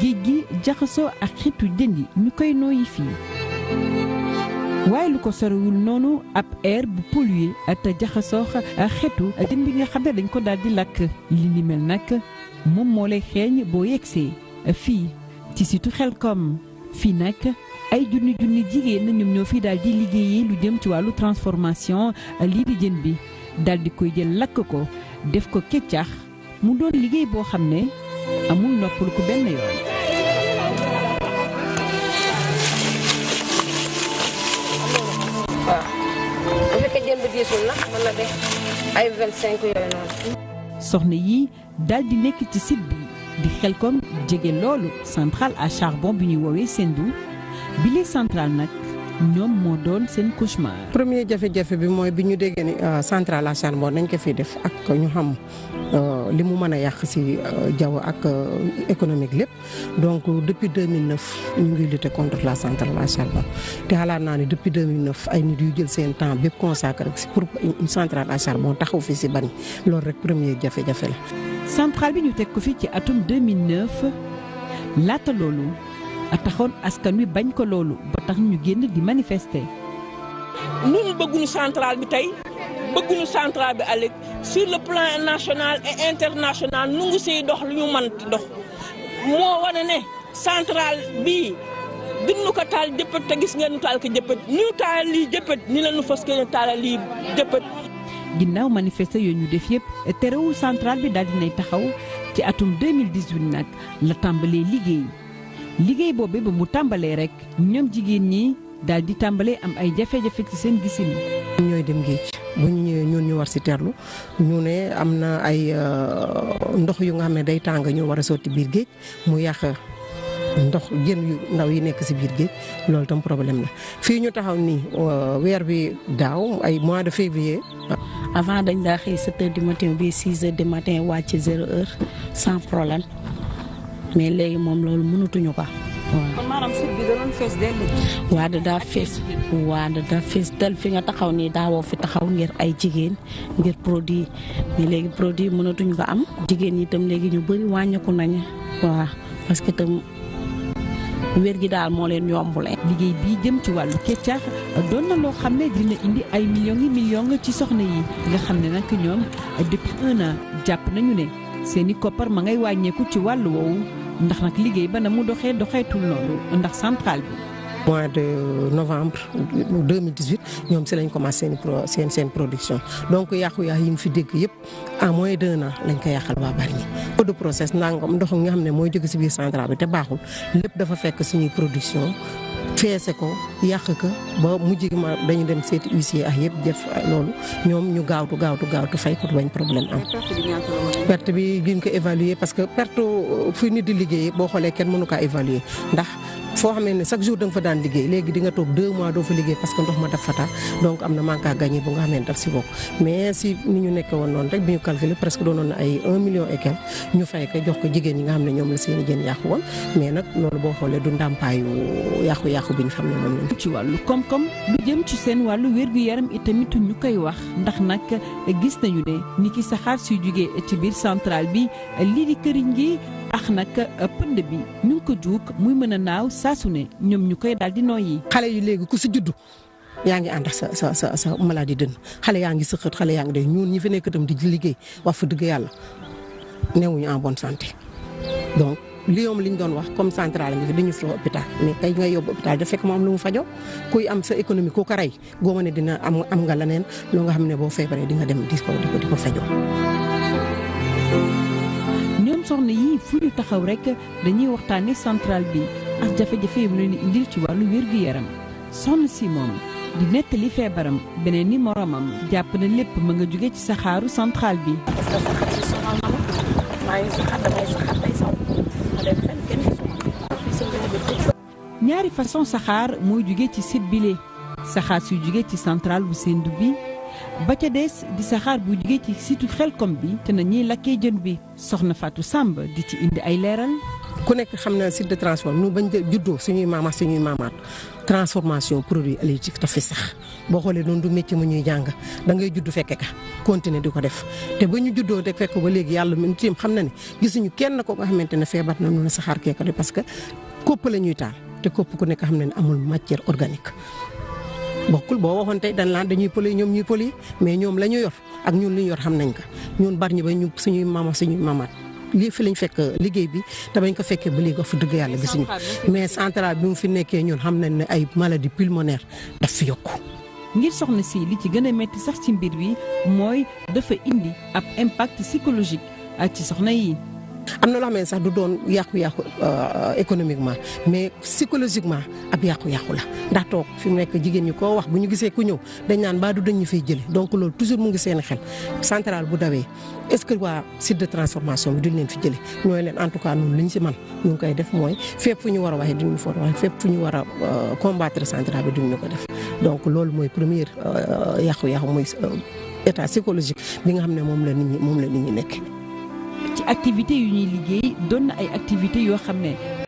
géej gi jaxasoo ak xeetu jën yi ñu koy nooyi fii waaye lu ko sorewul noonu ab air bu pollué te jaxasoo ak jën bi nga xam ne dañ ko daal di lakk li mel nag moom moo lay xeeñ boo yegsee fii ci situ Xelkom fii nag ay junni junni jigéen ñoom ñoo fi daal di liggéeyee lu jëm ci wàllu transformation a di jën bi daldi koy jël lakk ko def ko keccax mu doon liggéey boo xam ne amul noppal soxna yi daal di nekk ci sit bi di Xelcom jege loolu centrale à charbon bi ñuy woowee Sendou bile centrale nag. ñoom moo doon seen cauchemar. premier jafe-jafe bi mooy bi ñu déggee ni euh, centrale à charbon nañ ko fi def ak ñu xam euh, li mu mën a yàq si euh, jaww ak économique lépp donc depuis 2009 ñu ngi lutter contre la centrale à charbon te xalaat naa ne depuis 2009 ay nit yu jël seen temps bépp consacré si pour centrale à charbon taxaw fi si bari loolu rek premier jafe-jafe la. centrale bi ñu teg ko fi ci atum laata loolu. taxoon askan wi bañ ko loolu ba tax ñu génn di manifester. ñun bëgguñu centrale bi tey bëgguñu centrale bi ëllëg sur le plan national et international nu ngi siy dox lu ñu man dox moo wane ne centrale bi gënnu ko taal jëppët te gis ngeen nu taal ko jëppët ñu taal lii jëppët ni la ñu fas kee taal lii jëppët. ginnaaw manifester yoon ñu def yëpp terewul centrale bi daal dinay taxaw ci atum 2018 nag la tàmbalee liggéey. liggéey boobu ba mu tàmbalee rek ñoom jigéen ñi daal di tàmbalee am ay jafe-jafe ci seen gisin ñooy dem géej bu ñu ñëwee ñun ñu war si terlu ñu ne am na ay euh, ndox yu nga xam ne day tàng ñu war a sotti biir géej mu yàq ndox jën yu ndaw yi nekk si biir géej loolu tam problème la fii ñu taxaw nii euh, weer bi daaw ay mois de février. avant dañ daa xëy 7 heures du matin bi 6 heures du matin wàcc 0 heure sans problème. mais léegi moom loolu mënatuñu ko waaw. maanaam site bi da doon waa da fees waa da fees dell fi nga taxaw nii daawoo fi taxaw ngir ay jigéen ngir produit mais léegi produit mënatuñu ko am. jigéen ñi itam léegi ñu bëri wàññeeku nañu waaw parce que tam wér gi daal moo leen yombule. liggéey bii jëm ci wàllu keccaax doon na loo xam ne dina indi ay millions yi millions ci soxna yi nga xam ne nag ñoom depuis un an jàpp nañu ne seeni koppar ma ngay wàññeeku ci wàll woowu. ndax nag liggéey ba na mu doxee doxeetul noonu ndax centrale bi. mois de novembre 2018 ñoom si lañ commencé seen seen production donc yàqu-yàqu yi mu fi dégg yëpp a mooy d'un an lañ ko yàqal waa Bargny. code de process nangam ndox mi nga xam ne mooy jóge si biir centrale bi te baaxul lépp dafa fekk suñuy production. feese ko yàq ko ba mujj gi ma dañu dem seeti huissier ak yëpp def loolu ñoom ñu gaawtu gaawtu gaawtu fay ko bañ problème am. perte bi duñ ko évaluer parce que perte euh, fu nit di liggéeyee boo xoolee kenn mënu kaa évaluer ndax. foo xamee ne chaque jour da nga fa daan liggéey léegi di nga toog deux mois doo fa liggéey parce que ndox ma daf fa taa donc am na manque à gagner bu nga xamee ne daf si bokk mais si ni ñu nekkee woon noonu rek bi ñu calculer presque doonoon na ay un million et ñu fay ko jox ko jigéen ñi nga xam ne ñoom la seen jën yàqu woon mais nag loolu boo xoolee du ndàmpaayu yàqu-yàqu bi ñu xam ne moom lañ ci wàllu koom-koom lu jëm ci seen wàllu wér-gu-yaram itamit ñu koy wax ndax nag gis nañu ne ni ki saxaar suy jugee ci biir centrale bi lii di këriñ gi ax nag euh, pënd bi ñu ko juug muy mën a naaw saa su ne ñoom ñu koy daal di yi xale yi léegi ku si juddu yaa ngi ànd sa sa sa sa maladie dënn xale yaa ngi sëqët xale yaa ngi day ñun ñi fi nekk itam di liggéey wax fa dëgg yàlla newuñu en bonne santé donc. li yoom li ñu doon wax comme central nga fi ñu fi hôpital mais kay ngay yóbbu hôpital da fekk mu lu mu fajo kuy am sa économie ku ko rey goo ma ne dina am am nga leneen loo nga xam ne boo feebaree di nga dem di ko di ko sonn soxna yi fu ñu taxaw rek dañuy waxtaane centrale bi ak jafe-jafe ci wàllu wér yaram soxna si moom di nettali feebaram beneen ni moroomam jàpp na lépp ma nga jóge ci saxaaru centrale bi. parce que saxaar si ñaari façon saxaar mooy jóge ci site saxaar suy jóge ci centrale bu Sendou bi. ba ca des di saxaar bu jóge ci situ xelkom bi te na ñuy lakkee jën bi soxna Fatou sàmba di ci indi ay leeral. ku nekk xam na site de transformation bañ juddoo suñuy maamaat suñuy maamaat transformation produit halieutique daf fi sax boo xoolee noonu du métier mu ñuy jàng da ngay judd fekke ka continuer di ko def te ba ñu juddoo de fekk ba léegi yàlla mi tiim xam na ne gisuñu kenn ko nga xamante ne feebar na noonu saxaar kee ko de parce que kopp la ñuy taal te kopp ku nekk xam na ne amul matière organique. bokkul boo waxoon tey dañ laan dañuy pël ñoom ñuy pël mais ñoom la ñu yor ak ñun li ñu yor xam nañ ko ñun bari ñu ba ñu suñuy maama suñuy maamaat lii fi lañ fekk liggéey bi te bañ ko fekkee ba léegi fa dëgg yàlla gisuñu mais central bi mu fi nekkee ñun xam nañ ne ay maladi pulmonaire daf fi yokku. ngir soxna si li ci gën a métti sax ci mbir bi mooy dafa indi ab impact psychologique ak ci soxna yi. am na loo xam ne sax du doon yàqu-yàqu euh, économiquement mais psychologiquement ab yàqu-yàqu la ndax toog fi mu nekk jigéen ñi koo wax bu ñu gisee ku ñëw dañ naan mbaa du dañ ñu fay jëlee donc loolu toujours mu ngi seen xel centrale bu dawee est que waa site de transformation bi duñ leen fi jëlee ñooy leen en tout cas ñun liñ ci man ñu ngi koy def mooy fépp fu ñu war a waxee duñ ñu fa waxee fépp fu ñu war a euh, combattre centrale bi duñ ñu ko def donc loolu mooy première euh, yàqu-yàqu mooy état psychologique bi nga xam ne moom la nit ñi moom la nit ñi nekk. ci activité yu ñuy liggéey doon na ay activité yoo xam ne